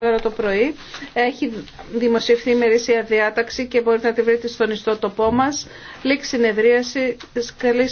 Σήμερα το πρωί έχει δημοσιευθεί η διάταξη και μπορείτε να τη βρείτε στον ιστότοπό μας. Λήξη συνεδρίαση. Καλή